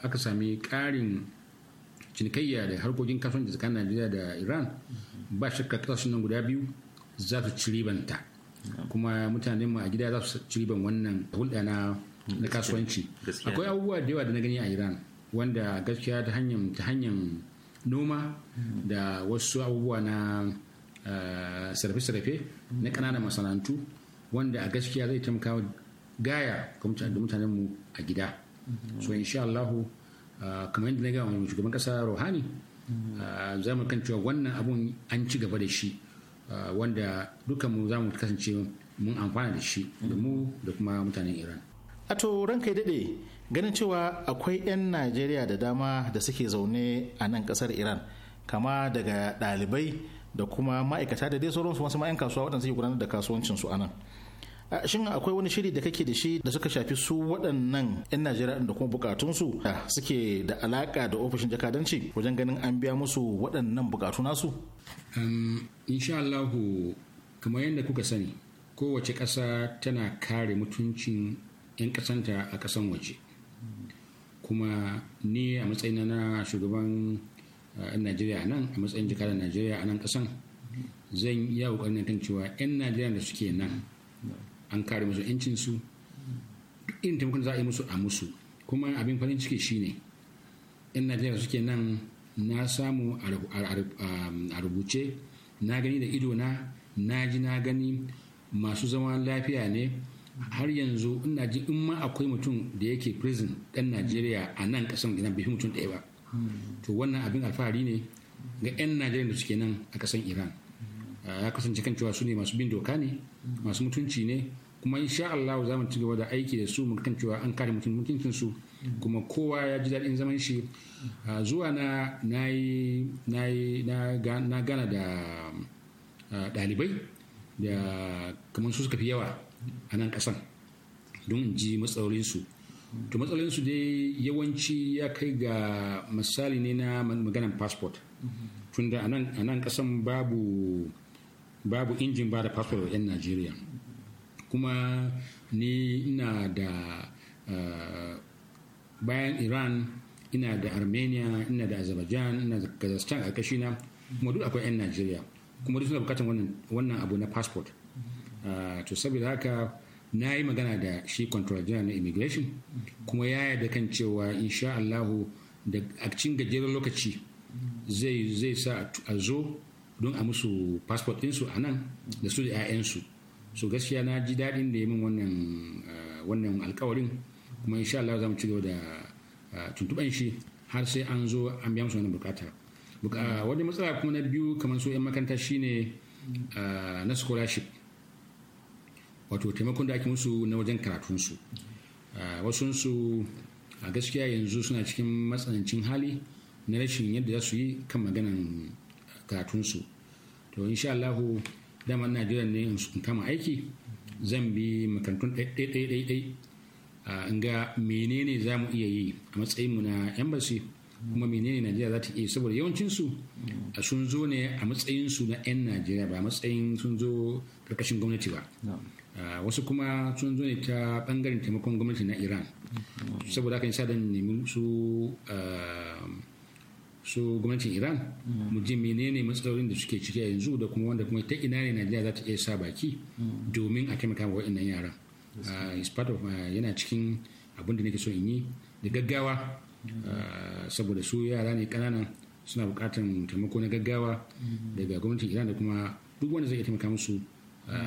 S11: aka sami ƙarin cinikayya da harkokin kasuwanci tsakanin najeriya da iran ba shakka kasashen nan guda biyu za su ci ribanta kuma mutanen mu a gida za su ci riban wannan hulɗa na kasuwanci akwai abubuwa da yawa da na gani a iran wanda gaskiya ta hanyar ta hanyar noma da wasu abubuwa na eh, sarfe-sarfe na ƙananan masana'antu wanda a gaskiya zai taimaka gaya da mutanen mu a gida so insha Allahu Ah, kamar yadda na gaya wa shugaban kasa rohani ah, za mu kan cewa wannan abun an ci gaba da shi ah, wanda dukan mu za mu kasance mun amfana da shi da mu da kuma mutanen iran
S3: a to ranka daɗe ganin cewa akwai 'yan najeriya da dama da suke zaune a nan kasar iran kama daga ɗalibai da kuma ma'aikata da dai sauransu wasu ma'yan kasuwa waɗanda suke gudanar da kasuwancinsu su a nan shin akwai wani shiri da kake da shi da suka shafi su waɗannan 'yan najeriya da kuma bukatunsu da suke da alaka da ofishin jakadanci wajen ganin an biya musu waɗannan bukatu nasu insha allahu kamar yadda kuka sani kowace ƙasa
S11: tana kare mutuncin 'yan ƙasanta a ƙasan waje kuma ni a matsayin na shugaban yan najeriya nan a matsayin jakadan najeriya a nan ƙasan zan yi kan cewa 'yan najeriya da suke nan an kare musu yancin su irin taimakon za a yi musu a musu kuma abin farin ciki shine yan najeriya suke nan na samu um, a rubuce na gani da ido na na ji na gani masu zama lafiya ne har yanzu ina ji in ma akwai mutum da yake prison dan najeriya a nan kasan gina bifin mutum ɗaya ba to wannan abin alfahari ne ga 'yan najeriya da suke nan a kasan iran ah, ya kasance kan cewa su ne masu bin doka ne masu mutunci ne kuma insha Allah za mu ci gaba da aiki da su mu kan cewa an kare mutuncin su kuma kowa ya ji daɗin zaman shi zuwa na na gana da ɗalibai da kamar su suka fi yawa a nan ƙasan don in ji matsalolinsu to matsalolinsu dai yawanci ya kai ga misali ne na maganan passport tunda a nan ƙasan babu babu injin ba da fasfo a 'yan najeriya kuma ni ina da eh, bayan iran ina da armenia ina da azerbaijan ina da kazakhstan a kashina kuma duk akwai 'yan najeriya kuma duk suna bukatar wannan abu na passport eh, to saboda haka na yi magana da shi control general na immigration kuma ya yarda kan cewa insha allahu da a cikin gajeren lokaci zai sa a zo don a musu passport ɗinsu a nan da su da 'ya'yansu so gaskiya na ji daɗin da ya min wannan eh, wannan alkawarin kuma insha Allah za mu ci gaba da eh, tuntuɓan shi har sai an zo an biya musu wannan bukata wani matsala kuma na biyu kamar su 'yan makaranta shine eh, na scholarship wato taimakon da ake musu na wajen karatunsu wasunsu a gaskiya yanzu suna cikin matsanancin hali na rashin yadda za su yi kan maganan karatunsu to insha Allah daman najeriya ne in kama aiki zan bi makarantun ɗaiɗaiɗaiɗai a ga menene za mu iya yi a mu na embassy kuma menene najeriya za ta iya saboda yawancinsu sun zo ne a matsayinsu na 'yan najeriya ba matsayin sun zo karkashin gwamnati ba wasu kuma sun zo ne ta bangaren taimakon gwamnati na iran mm-hmm. saboda haka yasa nemi su su gwamnatin iran mu ji menene matsalolin da suke ciki a yanzu da kuma wanda kuma ta ina ne najeriya za ta iya sa baki domin a taimaka wa yaran ah, is part of ah, yana cikin abin da nake so in yi da gaggawa mm-hmm. ah, saboda su yara ne kananan suna bukatan taimako na gaggawa mm-hmm. daga gwamnatin iran da kuma duk wanda zai iya taimaka musu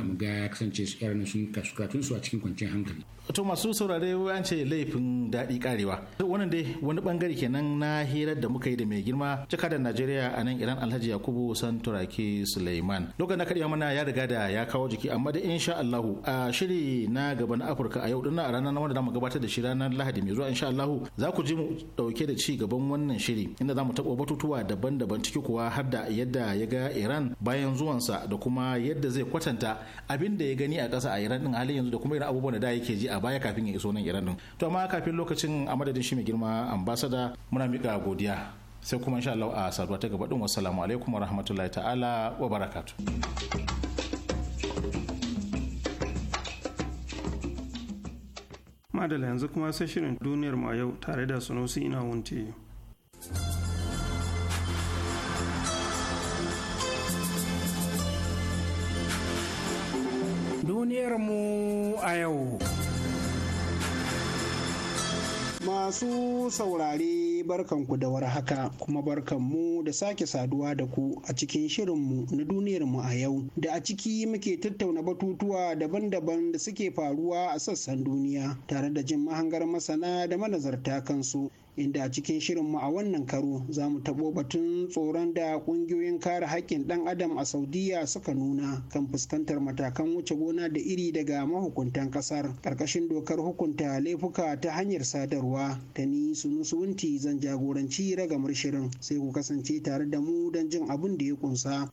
S11: mu ga ya kasance yaran sun kasu
S3: su a cikin kwanciyar hankali to masu saurare an ce laifin daɗi karewa wannan dai wani bangare kenan na hirar da muka yi da mai girma da najeriya a nan iran alhaji yakubu santurake suleiman lokacin na karya mana ya riga da ya kawo jiki amma da insha allahu a shiri na gaba na afirka a yau dinnan a ranar wanda zamu gabatar da shi ranar lahadi mai zuwa insha allahu za ku ji mu dauke da ci gaban wannan shiri inda zamu taɓa batutuwa daban-daban ciki kuwa har da yadda ya ga iran bayan zuwansa da kuma yadda zai kwatanta abin da ya gani a ƙasa a iran din halin yanzu da kuma irin abubuwan da da yake ji a baya kafin ya iso nan iran din to amma kafin lokacin a madadin shi mai girma ambasada muna miƙa godiya sai kuma insha Allah a saduwa ta gaba din wassalamu alaikum wa ta'ala wa barakatuh
S1: madala yanzu kuma sai shirin duniyar ma yau tare da sunusi ina wunti duniyar mu
S4: a yau Masu saurare barkan ku da haka kuma barkanmu da sake saduwa da ku a cikin shirin mu na duniyarmu a yau da a ciki muke tattauna batutuwa daban-daban da suke faruwa a sassan duniya tare da jin mahangar masana da manazarta kansu inda a cikin mu a wannan karo za mu taɓo batun tsoron da ƙungiyoyin kare haƙƙin ɗan adam a saudiya suka nuna kan fuskantar matakan wuce gona da iri daga mahukuntan ƙasar ƙarƙashin dokar hukunta laifuka ta hanyar sadarwa ta ni sunusuwunti zan jagoranci ragamar shirin sai ku kasance tare da mu don jin abin da ya ƙunsa.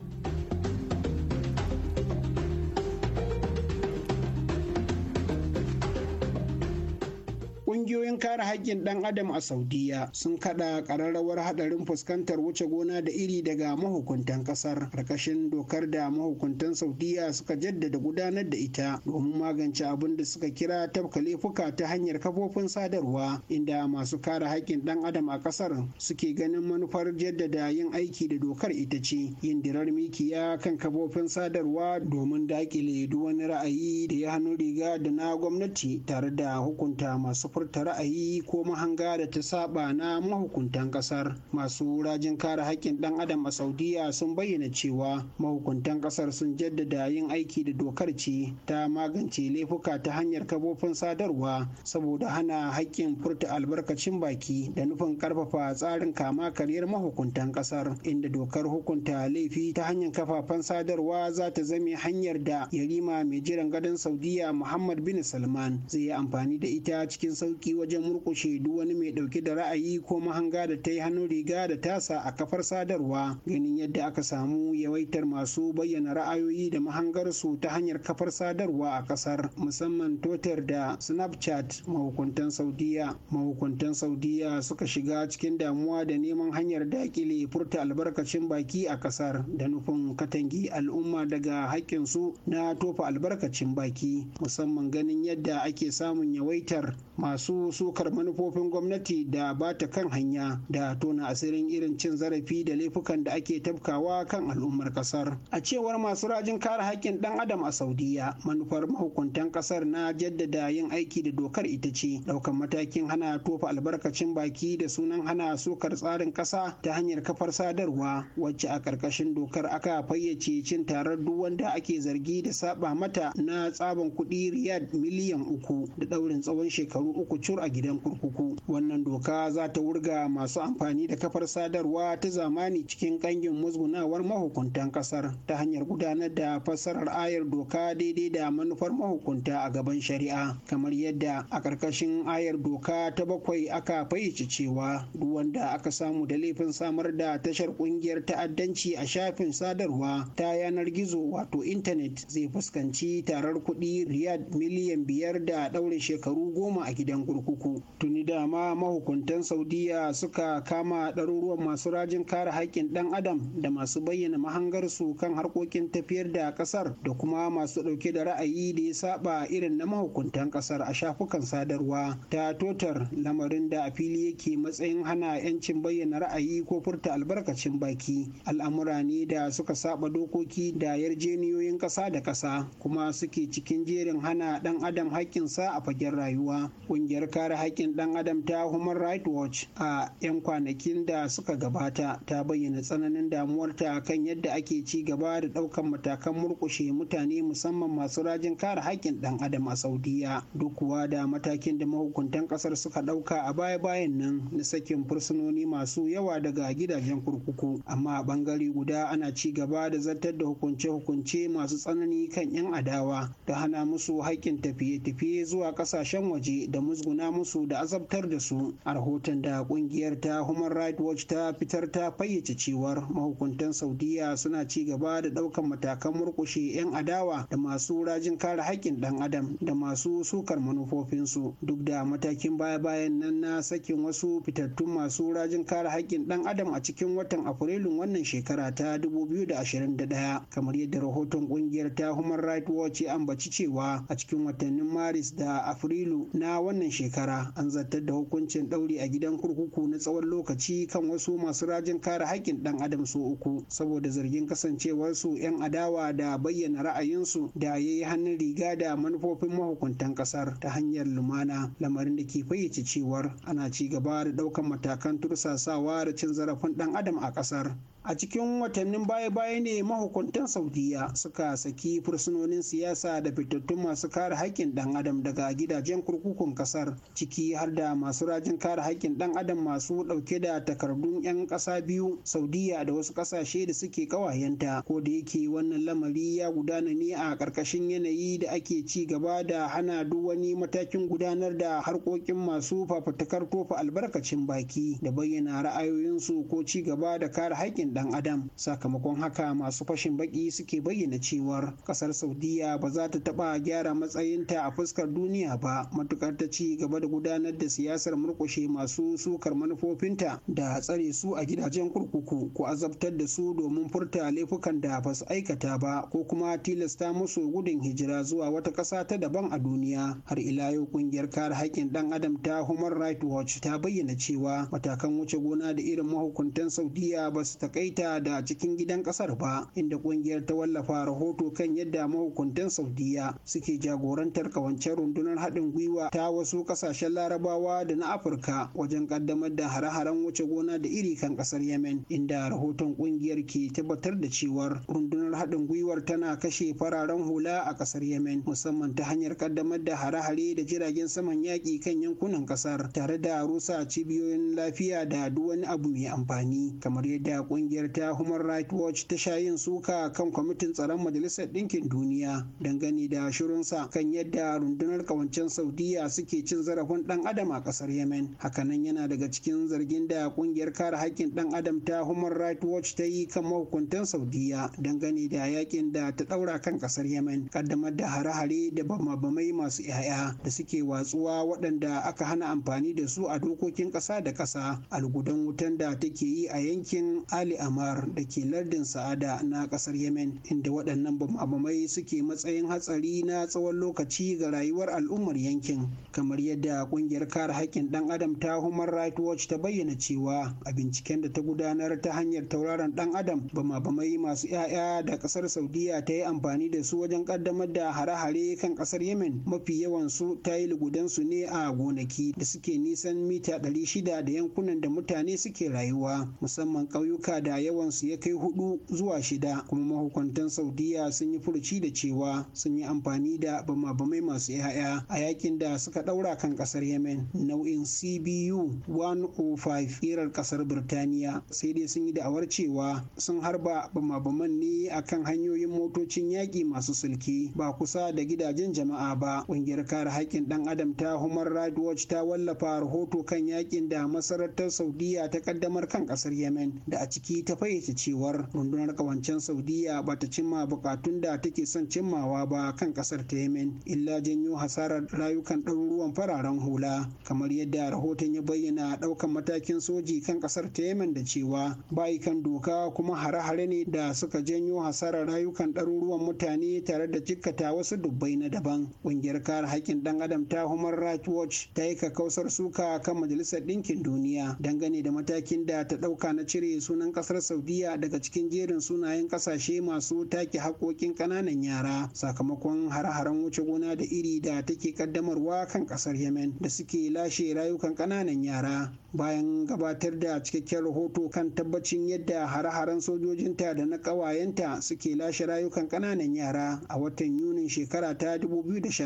S4: Ƙungiyoyin kare haƙƙin ɗan adam a Saudiya sun kaɗa ƙararrawar haɗarin fuskantar wuce gona da iri daga mahukuntan ƙasar ƙarƙashin dokar da mahukuntan Saudiya suka jaddada gudanar da ita domin magance abin da suka kira tafka laifuka ta hanyar kafofin sadarwa inda masu kare haƙƙin ɗan adam a ƙasar suke ganin manufar jaddada yin aiki da dokar ita ce yin dirar mikiya kan kafofin sadarwa domin daƙile duk wani ra'ayi da ya hannu riga da na gwamnati tare da hukunta masu furtar ra'ayi ko mahanga da ta saba na mahukuntan kasar masu rajin kare haƙƙin ɗan adam a saudiya sun bayyana cewa mahukuntan kasar sun jaddada yin aiki da dokar ce ta magance laifuka ta hanyar kafofin sadarwa saboda hana haƙƙin furta albarkacin baki da nufin ƙarfafa tsarin kama karyar mahukuntan kasar inda dokar hukunta laifi ta hanyar kafafen sadarwa za ta zame hanyar da yarima mai jiran gadon saudiya muhammad bin salman zai yi amfani da ita cikin sauƙi. wajen murkushe duk wani mai dauke da ra'ayi ko mahanga da ta yi hannun riga da tasa a kafar sadarwa ganin yadda aka samu yawaitar masu bayyana ra'ayoyi da mahangarsu ta hanyar kafar sadarwa a kasar musamman totar da snapchat mahukuntan saudiya mahukuntan saudiya suka shiga cikin damuwa da neman hanyar dakile furta albarkacin baki a kasar da nufin katangi al'umma daga haƙƙinsu na tofa albarkacin baki musamman ganin yadda ake samun yawaitar masu sukar manufofin gwamnati da ba ta kan hanya da tona asirin irin cin zarafi da laifukan da ake tabkawa kan al'ummar kasar a cewar masu rajin kare haƙƙin ɗan adam a saudiya manufar mahukuntan kasar na jaddada yin aiki da dokar ita ce ɗaukan matakin hana tofa albarkacin baki da sunan hana sukar tsarin ƙasa ta hanyar kafar sadarwa wacce a ƙarƙashin dokar aka fayyace cin tarar duk wanda ake zargi da saba mata na tsaban kuɗi riyad miliyan uku da ɗaurin tsawon shekaru shekaru uku cur a gidan kurkuku wannan doka za ta wurga masu amfani da kafar sadarwa ta zamani cikin kangin musgunawar mahukuntan kasar ta hanyar gudanar da fassarar ayar doka daidai da manufar mahukunta a gaban shari'a kamar yadda a ƙarƙashin ayar doka ta bakwai aka fayyace cewa duk wanda aka samu da laifin samar da tashar ƙungiyar ta'addanci a shafin sadarwa ta yanar gizo wato intanet zai fuskanci tarar kuɗi riyad miliyan biyar da ɗaurin shekaru goma a gidan kurkuku tuni dama mahukuntan saudiya suka kama ɗaruruwan masu rajin kare haƙƙin ɗan adam da masu bayyana mahangarsu kan harkokin tafiyar da ƙasar da kuma masu ɗauke da ra'ayi da ya saba irin na mahukuntan ƙasar a shafukan sadarwa ta totar lamarin da a fili yake matsayin hana 'yancin bayyana ra'ayi ko furta albarkacin baki al'amura ne da suka saba dokoki da yarjeniyoyin ƙasa da ƙasa kuma suke cikin jerin hana ɗan adam haƙƙinsa a fagen rayuwa kungiyar kare haƙƙin ɗan adam ta human rights watch a 'yan kwanakin da suka gabata ta bayyana tsananin damuwarta kan yadda ake ci gaba da ɗaukan matakan murƙushe mutane musamman masu rajin kare haƙƙin ɗan adam a saudiya duk kuwa da matakin da mahukuntan ƙasar suka ɗauka a baya-bayan nan na sakin fursunoni masu yawa daga gidajen kurkuku amma a ɓangare guda ana ci gaba da zartar da hukunce-hukunce masu tsanani kan 'yan adawa da hana musu haƙƙin tafiye-tafiye zuwa ƙasashen waje da musguna musu da azabtar da su a rahoton da kungiyar ta human rights watch ta fitar ta fayyace cewar mahukuntan saudiya suna ci gaba da daukan matakan murkushe 'yan adawa da masu rajin kare haƙƙin ɗan adam da masu sukar manufofinsu duk da matakin baya-bayan nan na sakin wasu fitattun masu rajin kare haƙƙin ɗan adam a cikin watan afrilun wannan shekara ta 2021 kamar yadda rahoton kungiyar ta human rights watch ya ambaci cewa a cikin watannin maris da afrilu na wannan shekara an zartar da hukuncin ɗauri a gidan kurkuku na tsawon lokaci kan wasu masu rajin kare haƙƙin ɗan adam su uku saboda zargin kasancewar su 'yan adawa da bayyana ra'ayinsu da ya yi hannun riga da manufofin mahukuntan ƙasar ta hanyar lumana lamarin da ke fayyace cewar ana ci gaba da ɗaukan matakan tursasawa da cin zarafin ɗan adam a ƙasar a cikin watannin baya-baya ne mahukuntan saudiya suka saki fursunonin siyasa da fitattun masu kare haƙƙin ɗan adam daga gidajen kurkukun ƙasar. ciki har da masu rajin kare haƙƙin ɗan adam masu ɗauke da takardun 'yan ƙasa biyu saudiya da wasu ƙasashe da suke ƙawayenta ko da yake wannan lamari ya gudana ne a ƙarƙashin yanayi da ake ci gaba da hana duk wani matakin gudanar da harkokin masu fafutukar tofa albarkacin baki da bayyana ra'ayoyinsu ko ci gaba da kare haƙƙin dan adam sakamakon haka masu fashin baki suke bayyana cewar kasar saudiya ba za ta taba gyara matsayinta a fuskar duniya ba matukar ta ci gaba da gudanar da siyasar murkushe masu sukar manufofinta da tsare su a gidajen kurkuku ko azabtar da su domin furta laifukan da ba su aikata ba ko kuma tilasta musu gudun hijira zuwa wata ƙasa ta daban a duniya har ila yau kungiyar kare haƙƙin dan adam ta human rights watch ta bayyana cewa matakan wuce gona da irin mahukuntan saudiya ba su takai kaita da cikin gidan kasar ba inda kungiyar ta wallafa rahoto kan yadda mahukuntan saudiya suke jagorantar kawancen rundunar haɗin gwiwa ta wasu ƙasashen larabawa da na afirka wajen ƙaddamar da hare-haren wuce gona da iri kan ƙasar yemen inda rahoton ƙungiyar ke tabbatar da cewar rundunar haɗin gwiwar tana kashe fararen hula a ƙasar yemen musamman ta hanyar ƙaddamar da hare-hare da jiragen saman yaƙi kan yankunan ƙasar, tare da rusa cibiyoyin lafiya da duk wani abu mai amfani kamar yadda kungiyar Ƙungiyar ta Human Rights Watch ta sha yin suka kan kwamitin tsaron Majalisar Ɗinkin Duniya dangane da shirinsa kan yadda rundunar ƙawancen Saudiya suke cin zarafin ɗan adam a ƙasar Yemen. Hakanan yana daga cikin zargin da ƙungiyar kare haƙƙin ɗan adam ta Human Rights Watch ta yi kan mahukuntan Saudiya dangane da yakin da ta daura kan ƙasar Yemen, kaddamar da hare-hare da bama masu 'ya'ya da suke watsuwa waɗanda aka hana amfani da su a dokokin ƙasa da ƙasa, algudan wutan da take yi a yankin Ali amar da ke lardin sa'ada na ƙasar yemen inda waɗannan bamabamai suke matsayin hatsari na tsawon lokaci ga rayuwar al'ummar yankin kamar yadda ƙungiyar kare haƙƙin ɗan adam ta human rights watch ta bayyana cewa a binciken da ta gudanar ta hanyar tauraron ɗan adam bamabamai masu 'ya'ya da ƙasar saudiya ta yi amfani da su wajen ƙaddamar da hare-hare kan ƙasar yemen mafi yawan su ta yi lugudansu ne a gonaki da suke nisan mita 600 da yankunan da mutane suke rayuwa musamman ƙauyuka da yawansu ya kai hudu zuwa shida kuma mahukuntan saudiya sun yi furuci da cewa sun yi amfani da bama-bamai masu yaya a yakin da suka daura kan kasar yemen nau'in cbu 105 irar kasar birtaniya sai dai sun yi da'awar cewa sun harba bama-baman ne a kan hanyoyin motocin yaƙi masu sulki ba kusa da gidajen jama'a ba ƙungiyar kare haƙƙin ɗan adam ta human rights watch ta wallafa rahoto kan yakin da masarautar saudiya ta kaddamar kan kasar yemen da a ciki ciki ta fayyace cewar rundunar kawancen saudiya ba ta cimma bukatun da take son cimmawa ba kan kasar ta yemen illa janyo hasarar rayukan ɗaruruwan fararen hula kamar yadda rahoton ya bayyana ɗaukan matakin soji kan kasar ta yemen da cewa bayi kan doka kuma hare-hare ne da suka janyo hasarar rayukan ɗaruruwan mutane tare da jikkata wasu dubbai na daban ƙungiyar kare haƙƙin ɗan adam ta human rights watch ta yi kakausar suka kan majalisar ɗinkin duniya dangane da matakin da ta ɗauka na cire sunan ƙasar kasar saudiya daga cikin jerin sunayen kasashe masu take hakokin ƙananan yara sakamakon hare-haren wuce gona da iri da take kaddamarwa kan kasar yemen da suke lashe rayukan ƙananan yara bayan gabatar da cikakken rahoto kan tabbacin yadda hare-haren sojojinta da na kawayenta suke lashe rayukan ƙananan yara a watan yunin shekara ta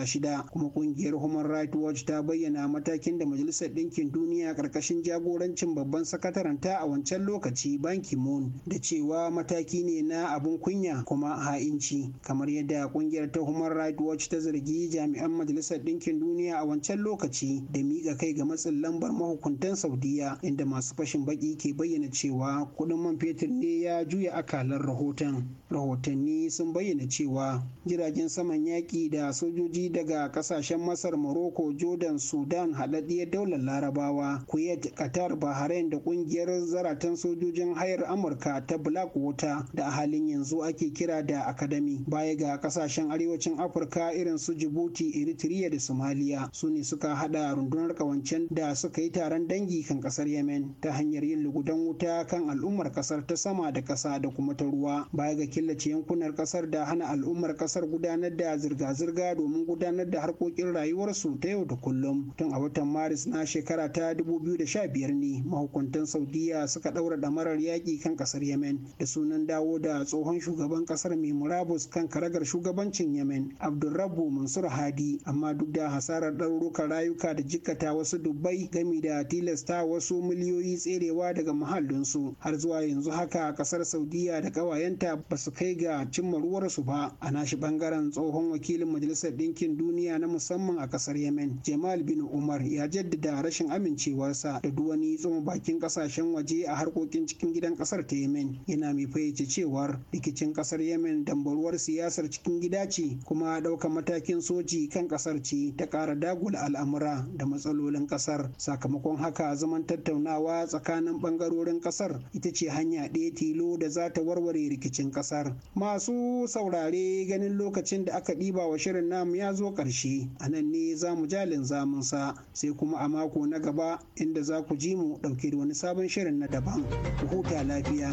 S4: shida, kuma ƙungiyar human rights watch ta bayyana matakin da majalisar ɗinkin duniya ƙarƙashin jagorancin babban sakataranta a wancan lokaci banki kimon da cewa mataki ne na abun kunya kuma ha'inci kamar yadda kungiyar ta human rights watch ta zargi jami'an majalisar ɗinkin duniya a wancan lokaci da miƙa kai ga matsin lambar mahukuntan saudiya inda masu fashin baki ke bayyana cewa kuɗin man fetur ne ya juya akalar rahoton rahotanni sun bayyana cewa jiragen saman yaƙi da sojoji daga ƙasashen masar morocco jordan sudan haɗaɗɗiyar daular larabawa kuwait qatar bahrain da kungiyar zaratan sojojin hayar kungiyar amurka ta blackwater da a halin yanzu ake kira da academy baya ga kasashen arewacin afirka irin su djibouti eritrea da somalia su ne suka hada rundunar kawancen da suka yi taron dangi kan kasar yemen ta hanyar yin lugudan wuta kan al'ummar kasar ta sama da kasa da kuma ta ruwa baya ga killace yankunan kasar da hana al'ummar kasar gudanar da zirga-zirga domin gudanar da harkokin rayuwarsu ta yau da kullum tun a watan maris na shekara ta 2015 ne mahukuntan saudiya suka ɗaura damarar yaƙi yaƙi kan ƙasar yemen da sunan dawo da tsohon shugaban ƙasar mai murabus kan karagar shugabancin yemen abdulrabu mansur hadi amma duk da hasarar ka rayuka da jikkata wasu dubbai gami da tilasta wasu miliyoyi tserewa daga muhallinsu har zuwa yanzu haka ƙasar saudiya da ƙawayenta ba su kai ga cimma ruwarsu ba a nashi ɓangaren tsohon wakilin majalisar ɗinkin duniya na musamman a ƙasar yemen jamal bin umar ya jaddada rashin amincewarsa da duwani tsoma bakin ƙasashen waje a harkokin cikin gidan kasar ta yemen yana mai fayyace cewar rikicin kasar yemen dambaruwar siyasar cikin gida ce kuma ɗaukar matakin soji kan kasar ce ta ƙara dagula al'amura da matsalolin kasar sakamakon haka zaman tattaunawa tsakanin ɓangarorin kasar ita ce hanya ɗaya tilo da za ta warware rikicin kasar masu saurare ganin lokacin da aka ɗiba wa shirin namu ya zo ƙarshe a nan ne za mu jalin zamunsa sai kuma a mako na gaba inda za ku ji mu ɗauke da wani sabon shirin na daban ku huta lafiya.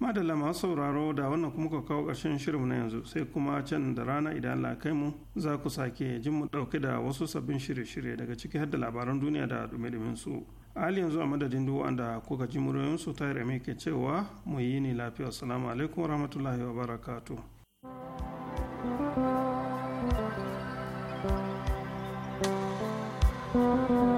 S1: madalla masu sauraro da wannan kuma ka kawo ƙarshen shirin na yanzu sai kuma can da rana idan Allah kai mu za ku sake jin mu ɗauke da wasu sabbin shirye-shirye daga ciki har da labaran duniya da dumi su hali yanzu a madadin duk wanda kuka ji muryoyinsu ta yi ke cewa mu yi ni lafiya salamu alaikum warahmatullahi barakatu.
S12: thank you